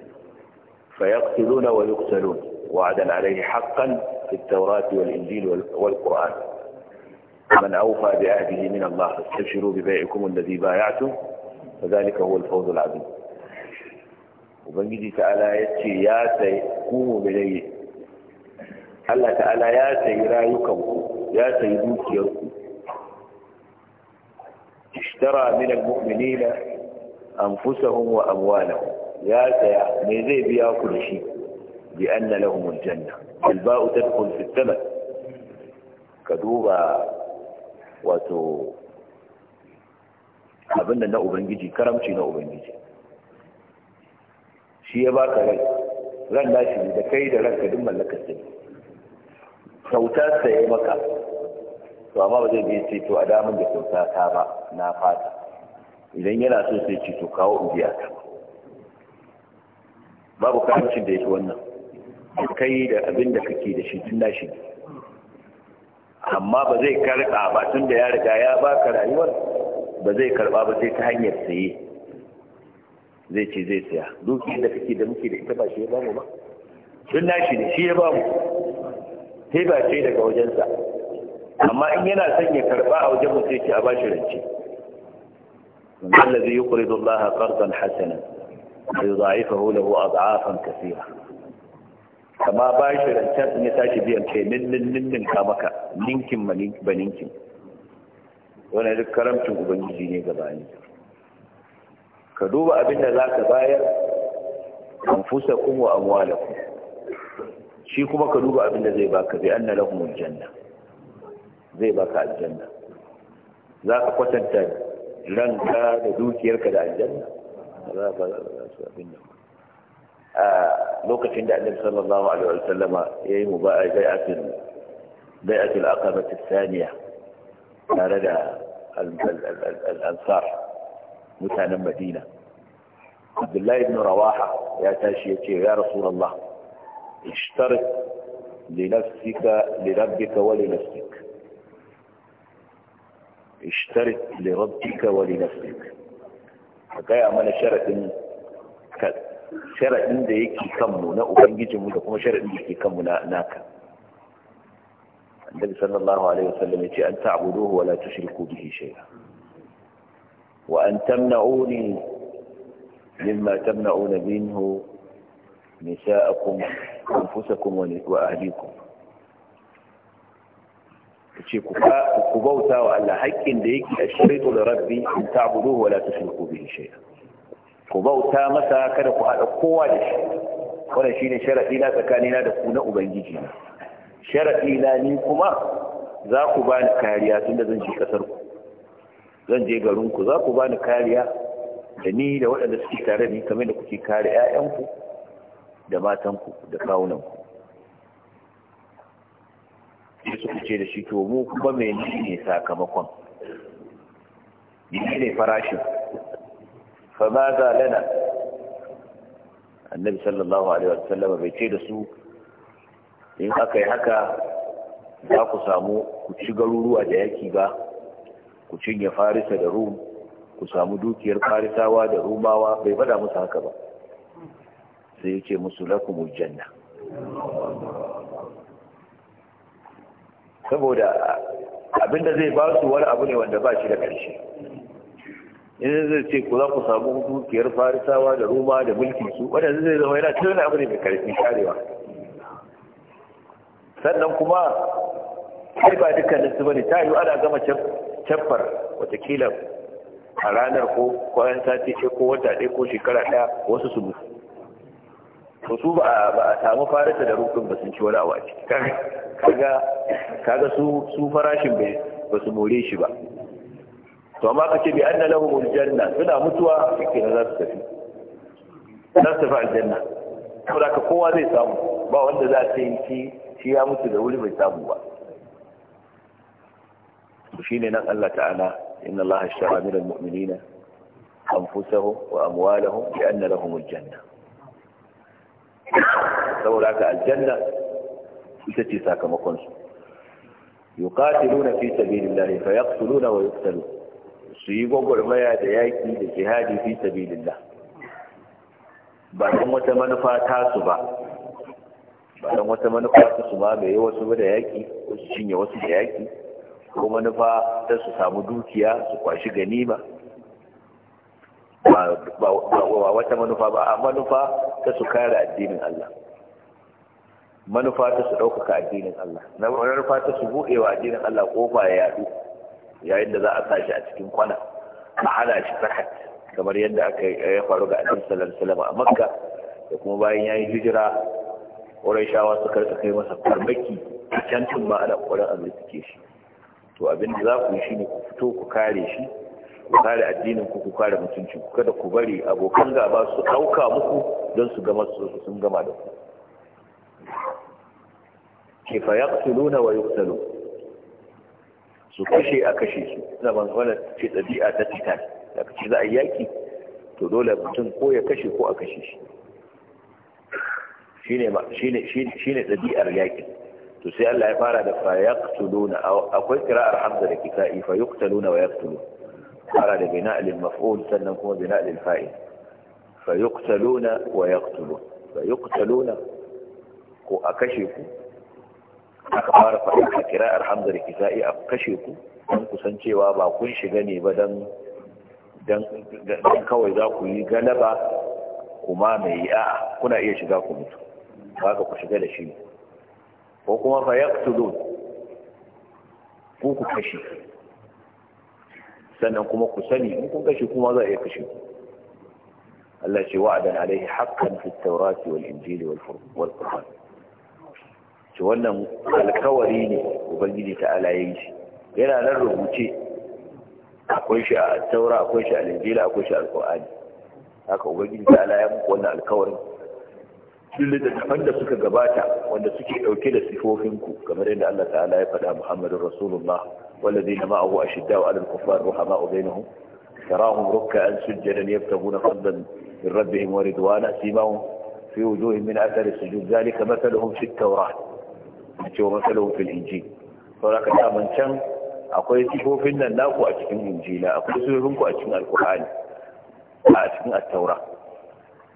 فيقتلون ويقتلون وعدا عليه حقا في التوراة والإنجيل والقرآن من أوفى بعهده من الله فاستبشروا ببيعكم الذي بايعتم فذلك هو الفوز العظيم ubangiji ta'ala ya ce ya sai ku mu'minai Allah ta'ala ya sayi rayukanku ya sayi dukiyarku ishtara min almu'minina anfusahum wa amwalahum ya saya me zai biya ku da shi bi anna lahum aljanna alba'u tadkhul fi thaman ka duba wato abin da na ubangiji karamci na ubangiji shi ya baka rai ran nashi da kai da ranka duk mallakar ne kauta sai ya maka to amma ba zai biya ce to a damun da kauta ta ba na fata idan yana so sai ce to kawo in biya ta babu karancin da yake wannan kai da abin da kake da shi tun nashi ne amma ba zai karɓa ba tun da ya riga ya baka rayuwar ba zai karɓa ba sai ta hanyar saye zai ce zai saya dukiyar da kake da muke da ita ba shi ya bamu ba Sun nashi ne shi ya bamu sai ba ce daga wajensa amma in yana son ya karba a wajen mutum yake a bashi rance الذي يقرض الله قرضا حسنا ويضاعفه له اضعافا كثيره كما باشر الشخص يتاشي بيان كي من من من من كامك ننكم بننكم وانا ذكرمتم ubangiji ne gabani ka duba abin da za ka bayar anfusakum wa amwalakum shi kuma ka duba abin da zai baka bi anna lahum aljanna zai baka aljanna za ka kwatanta ranka da dukiyarka da aljanna za ba za su abin nan a lokacin da annabi sallallahu alaihi wa sallama yayi mubaya'a bai'atul bai'atul aqabati thaniya tare da al-ansar mutanen madina abdullahi ibn rawaha ya tashi ya ce ya rasulallah ishtarik linafsika lirabbika wa linafsik ishtarik lirabbika wa linafsik a gaya mana sharaɗin sharaɗin da yake kanmu na ubangijinmu da kuma sharaɗin da yake kanmu na naka annabi sallallahu alaihi wasallam ya ce an ta'buduhu wa la tushriku bihi shay'a وأن تمنعوني مما تمنعون منه نساءكم أنفسكم وأهليكم ف س كبوتا و أ ل ا الشريط لربي ان تعبدوه ولا تشركوا به شيئا كبوتا متى هذا قوى لشيء ولا شيء شرطي لا تكاني لا تكون أ ب ن لا نيكما ذا قبان كاريات لذنجي كثركم zan je garinku za ku bani kariya da ni da waɗanda suke tare da ni kamar da kuke kare 'ya'yanku da matanku da kawunanku sai suke ce da shi to mu kuma mai ne sakamakon Ni ne farashin fa ma za lana annabi sallallahu alaihi wasallama bai ce da su in aka yi haka za ku samu ku ci garuruwa da yaki ba ku cinye farisa da rum ku samu dukiyar farisawa da rumawa bai faɗa musu haka ba sai ya ce musu lakumul janna saboda abinda zai ba su wani abu ne wanda ba shi da ƙarshe in zai ce ku za ku samu dukiyar farisawa da ruma da mulkin su wadanda zai zama yana tuna abu ne mai karfi karewa sannan kuma sai ba dukkanin su bane ta yi ana gama can tabbar watakila a ranar ko kwayan sati ce ko wata ɗaya ko shekara ɗaya wasu su mutu to su ba a samu farisa da rukun ba sun ci wani awa ciki kaga su farashin ba su more shi ba to amma ka ce bi an na lahumul janna suna mutuwa suke na za su tafi za su tafi aljanna saboda ka kowa zai samu ba wanda za a ce shi ya mutu da wuri bai samu ba to shine nan Allah ta'ala inna Allah ashtara min almu'minina anfusahum wa amwalahum bi anna lahum aljanna saboda ka aljanna ita ce sakamakon su yuqatiluna fi sabilillahi fayaqtuluna wa yuqtalun su yi gwagwarmaya da yaƙi da jihadi fi sabilillah ba don wata manufa ta su ba ba don wata manufa ta su ma yi wasu da yaki wasu cinye wasu da yaƙi? ko manufa ta su samu dukiya su kwashi ganima ba wata manufa ba a manufa ta su kare addinin Allah manufa ta su ɗaukaka addinin Allah na manufa ta su buɗewa addinin Allah ƙofa ya yaɗu yayin da za a sashi a cikin kwana a hana shi sakat kamar yadda aka ya faru ga annabi sallallahu alaihi wasallam a Makka da kuma bayan yayin hijira Qurayshawa suka kai masa farmaki a can tun ma ana ƙoƙarin shi to abin da za ku yi shine ku fito ku kare shi ku kare addinin ku ku kare mutuncin ku kada ku bari abokan gaba su ɗauka muku don su gama su sun gama da ku ke fa yaqtuluna wa yuqtalu su kashe a kashe su ina ban wala ce dabi'a ta titan da kace za a yaki to dole mutum ko ya kashe ko a kashe shi shine shine shine dabi'ar yakin to sai Allah ya fara da fa yaqtuluna akwai qira'ar hamza da kisa'i fa yuqtaluna wa yaqtulun fara da bina lil maf'ul sannan kuma bina lil fa'il fa yuqtaluna wa yaqtulun fa yuqtaluna ko a kashe ku aka fara faɗin a kira'ar hamzar kisa'i a kashe ku don kusancewa ba kun shiga ne ba don kawai za ku yi galaba kuma mai a'a kuna iya shiga ku mutu ba ka ku shiga da shi ne. ko kuma fa yaqtulun ku ku kashi sannan kuma ku sani in kun kashi kuma za a iya kashe ku Allah ce wa'adan alaihi haqqan fi at-taurati wal injili wal qur'an to wannan alkawari ne ubangiji ta ala shi yana nan rubuce akwai shi a taura akwai shi a injili akwai shi a alqur'ani haka ubangiji ta ala ya wannan alkawarin littattafan da suka gabata wanda suke ɗauke da sifofinku kamar yadda Allah ta'ala ya faɗa Muhammadun Rasulullah wallazi na ma'ahu a shidda wa alal kufar ruhama a bainahu tarahum rukka an sujjadan yabtaguna fadlan min rabbihim wa ridwana simahum fi wujuhihim min athari sujud zalika mathaluhum fi at-taurat ce wa mathaluhum fil injil saboda da ta can akwai sifofin nan naku a cikin injila akwai sifofin a cikin alqur'ani a cikin attaura? taura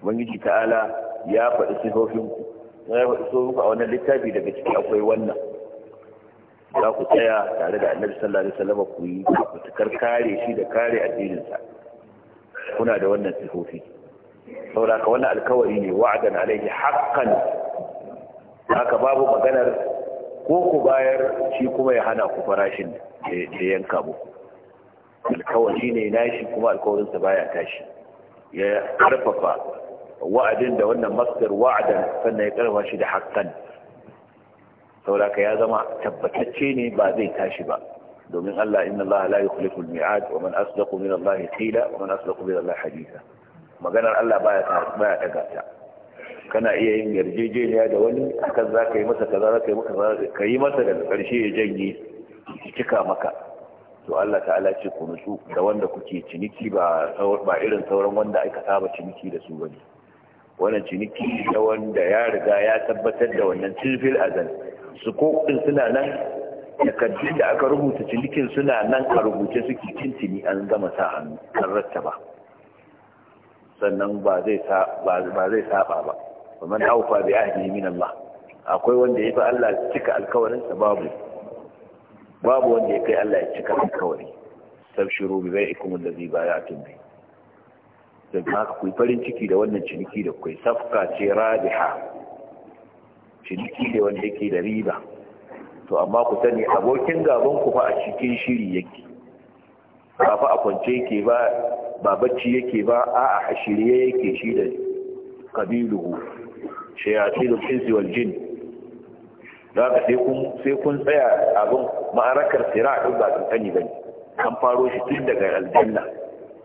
ubangiji ta'ala ya faɗi sifofinku ya faɗi sifofinku a wannan littafi daga ciki akwai wannan za ku tsaya tare da annabi sallallahu alaihi wasallam ku yi fitukar kare shi da kare addininsa kuna da wannan sifofi saboda ka wannan alkawari ne wa'adan alaihi haqqan haka babu maganar ko ku bayar shi kuma ya hana ku farashin da yanka muku alkawari ne nashi kuma alkawarinsa baya tashi ya karfafa wa'adin da wannan masdar wa'adan sannan ya karfa shi da haqqan saboda ya zama tabbatacce ne ba zai tashi ba domin Allah inna Allah la yukhlifu al-mi'ad wa man asdaqu min Allah qila wa man asdaqu min Allah haditha maganar Allah baya baya daga ta kana iya yin yarjejeniya da wani akan za ka yi masa kaza za ka yi masa kaza masa daga karshe ya janye cika maka to Allah ta'ala ce ku nutsu da wanda kuke ciniki ba ba irin sauran wanda aka saba ciniki da su bane wannan ciniki na wanda ya riga ya tabbatar da wannan tilfil azan su kokin suna nan takardun da aka rubuta cinikin suna nan a rubuce suke tintini an gama sa hannu an ba sannan ba zai saba ba ba man aufa bi ahdi min Allah akwai wanda ya fi Allah cika sa babu babu wanda ya kai Allah ya cika alkawari tabshiru bi bai'ikum allazi bay'atum bihi daga haka ku farin ciki da wannan ciniki da kai safka ce rabiha ciniki da wanda yake da riba to amma ku sani abokin gaban ku fa a cikin shiri yake ba fa a kwance yake ba ba bacci yake ba a a shirye yake shi da kabiluhu shayatinul insi wal da ka sai kun sai kun tsaya abin ma'arakar sira din ba kankani bane an faro shi tun daga aljanna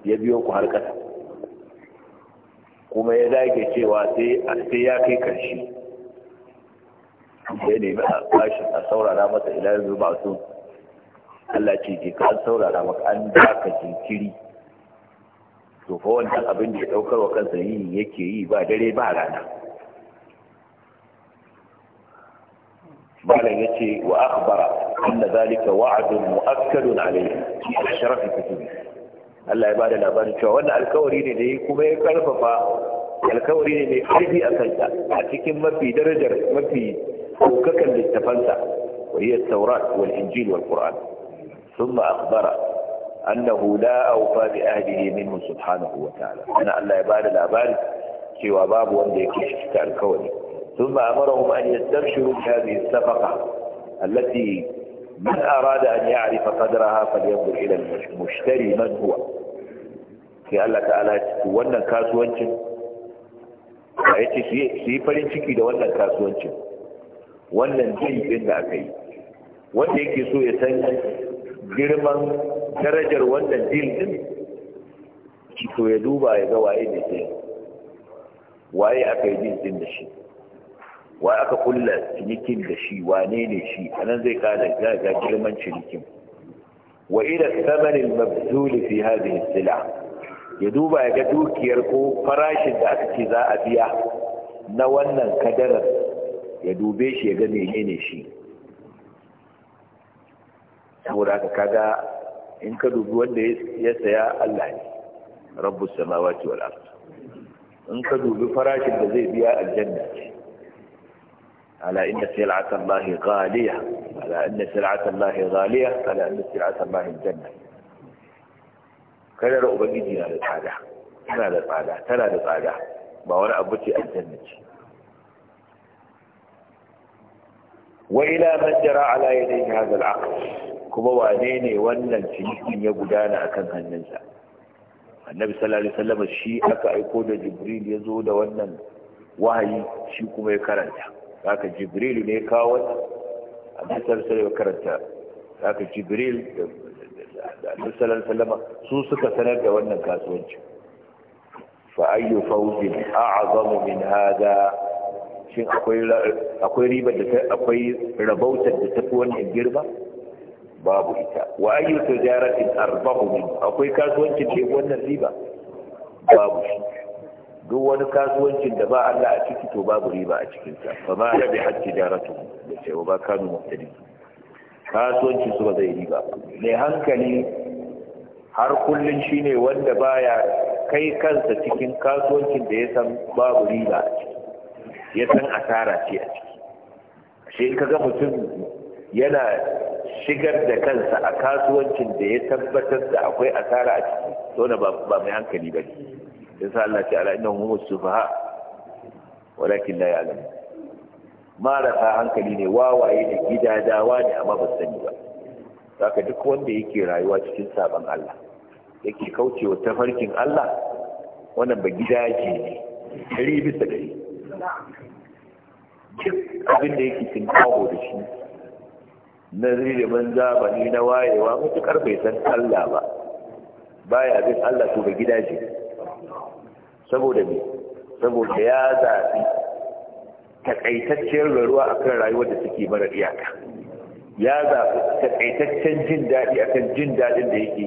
ya biyo ku har kasa kuma ya dage cewa sai ya kai karshe ya nemi a bashi a saurara masa ila zuba su Allah ce ke ka saurara maka an baka jinkiri to fa wannan abin da ya daukar wa kansa yi yake yi ba dare ba rana malam yace wa akhbara anna zalika wa'dun mu'akkadun alayhi fi ashraf kutubi Allah ya bada labarin cewa wannan alkawari ne da ya kuma ya karfafa alkawari ne mai karfi a درجة a cikin mafi darajar mafi littafansa وهي التوراة والإنجيل والقرآن ثم أخبر أنه لا أوفى بأهله منه سبحانه وتعالى أنا الله يبال الأبال سوى باب وندك الكون ثم أمرهم أن يستبشروا بهذه الصفقة التي من أراد أن يعرف قدرها فلينظر إلى المشتري من هو sai Allah ta'ala ya wannan kasuwancin ya ce su yi farin ciki da wannan kasuwancin wannan jirgin da aka yi wanda yake so ya san girman darajar wannan jirgin to ya duba ya ga waye ne sai waye aka yi jirgin da shi wa aka kulla cinikin da shi wane ne shi nan zai kada ga girman cinikin wa ila thamanin mabzul fi hadhihi sila ya duba ya ga dukiyar ko farashin da aka ce za a biya na wannan kadarar ya dube shi ya ga menene shi saboda haka kaga in ka dubi wanda ya saya Allah ne rabbus samawati wal ard in ka dubi farashin da zai biya aljanna ce على إن سلعة الله غالية على إن سلعة الله غالية على إن سلعة الله الجنة kada da ubangiji na da tsada tana da tsada tana da tsada ba wani abu ce aljanna ce wa ila man jara ala yadayhi hadha al-aqd kuma wane ne wannan cinikin ya gudana akan hannunsa annabi sallallahu alaihi wasallam shi aka aiko da jibril ya zo da wannan wahayi shi kuma ya karanta haka jibril ne kawo annabi sai ya karanta haka jibril da annabi sallallahu alaihi su suka sanar da wannan kasuwanci fa ayyu fawzin a'zamu min hada shin akwai akwai riba da akwai rabautar da ta wannan girba babu ita wa ayyu tijaratin arbahu min akwai kasuwancin da wannan riba babu shi duk wani kasuwancin da ba Allah a ciki to babu riba a cikin ba fa ma rabi da daratu da ce ba kanu muhtadi kasuwancin su ba zai riba mai hankali har kullun shine wanda baya kai kansa cikin kasuwancin da ya san babu riba a ciki ya san asara ce a ciki ashe in kaga mutum yana shigar da kansa a kasuwancin da ya tabbatar da akwai asara a ciki to na ba mai hankali ba ne yasa Allah ce ala innahum humus sufaha walakin la ya'lamun marasa hankali ne wawaye ne gidajawa ne amma ba sani ba saka duk wanda yake rayuwa cikin saban Allah yake kaucewa tafarkin Allah wannan ba gidaje ne dari bisa dari duk abin da yake cikin kawo da shi nazari da ba ni na wayewa mutukar bai san Allah ba baya bin Allah to ba gidaje saboda me saboda ya zaɓi takaitacciyar ruwa akan rayuwar da suke mara iyaka ya zaɓi takaitaccen jin daɗi akan jin daɗin da yake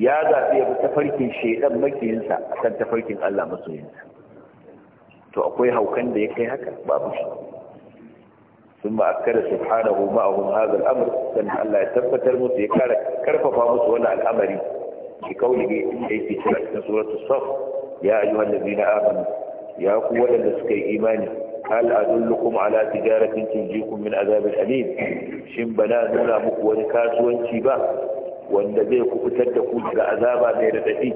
ya zaɓi ya bi tafarkin shaidan makiyinsa akan tafarkin Allah masoyinsa to akwai haukan da ya kai haka babu shi sun su ثم أكد سبحانه معهم هذا الأمر لأن الله يتبتر موسى يكارك كرففا musu wani al'amari. بقوله إن أيدي سورة سورة الصف يا أيها الذين آمنوا يا قوة لسكي إيماني هل أدلكم على تجارة تنجيكم من عذاب أليم شن بنا نولا مقوة كاسوان شبا wanda zai kubutar da ku daga azaba mai raɗaɗi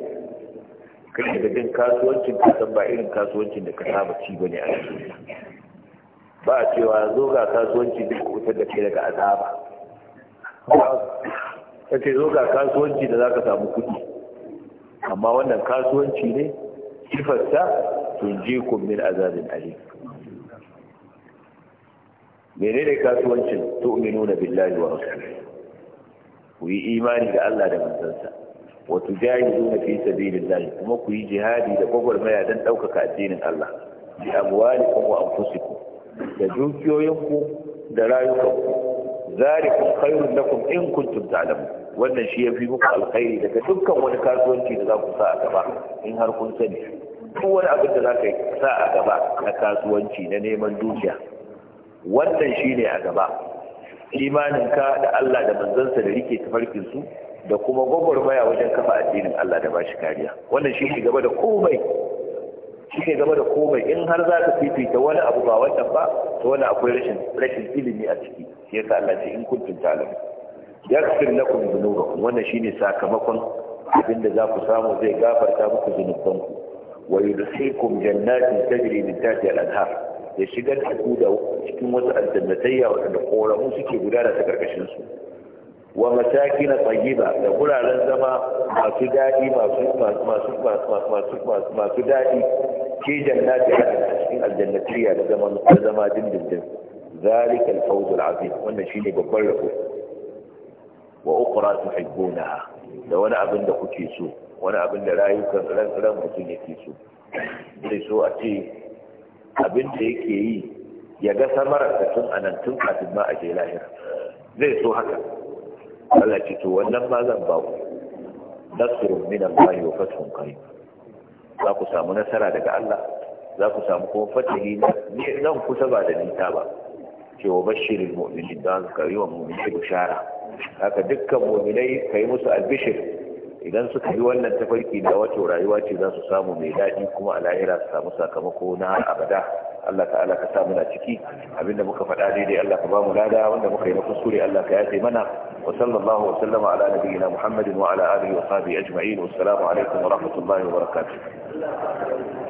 kai da din kasuwancin ka ba irin kasuwancin da ka saba ci bane a cikin ba cewa zo ga kasuwanci zai kubutar da kai daga azaba ka ce zo ga kasuwanci da za ka samu kuɗi amma wannan kasuwanci ne sifarsa tunjikun min azabin alim menene kasuwancin nuna billahi wa rasulihi ku yi imani da Allah da manzansa wa tujahiduna fi sabilillahi kuma ku yi jihadi da gwagwarmaya don ɗaukaka addinin Allah bi amwalikum wa anfusikum da dukiyoyinku da rayukanku zalikum khairun lakum in kuntum ta'lamun wannan shi yafi muku alkhairi daga dukkan wani kasuwanci da za ku sa a gaba in har kun sani duk wani abin da za ka sa a gaba na kasuwanci na neman dukiya wannan shi ne a gaba imaninka da Allah da manzansa da rike su da kuma gwagwarmaya wajen kafa addinin Allah da bashi kariya wannan shi ne gaba da komai shi ne game da komai in har za ka fifita wani abu ba wannan ba to wani akwai rashin rashin ilimi a ciki shi yasa Allah ce in kuntum ta'lamu yaghfir lakum dhunubakum wannan shine sakamakon abin da za ku samu zai gafarta muku zunubanku wa yudkhikum jannatin tajri min tahtiha al-anhar ya shigar da ku da cikin wasu aljannatayya waɗanda koramu suke gudana ta karkashin su wa mataki na tsayiba da wuraren zama masu daɗi masu masu masu masu masu masu da ke jannati cikin aljannatiya da zama da zama dindindin zalika alfawz alazim wannan ne babban rabo wa ukhra tuhibbunaha da wani abin da kuke so wani abin da rayukan ran ran mutum yake so zai so a ce abin da yake yi ya ga samarar tun anan tun kafin ma a je lahira zai so haka Allah ce to wannan ma zan ba ku nasrun min Allah wa fathun qarib za ku samu nasara daga Allah za ku samu kuma fatahi ne zan kusa ba da nita ba ce wa bashirin mu'minin da ka yi wa mu'minai bishara haka dukkan mu'minai kai musu albishir idan suka yi wannan tafarki da wato rayuwa ce za su samu mai daɗi kuma a lahira su samu sakamako na abada Allah ta'ala ka samu na ciki abinda muka faɗa daidai Allah ka bamu lada wanda muka yi na kuskure Allah ka yafe mana wa sallallahu wa sallama ala nabiyyina Muhammadin wa ala alihi wa sahbihi ajma'in wassalamu alaikum wa rahmatullahi wa barakatuh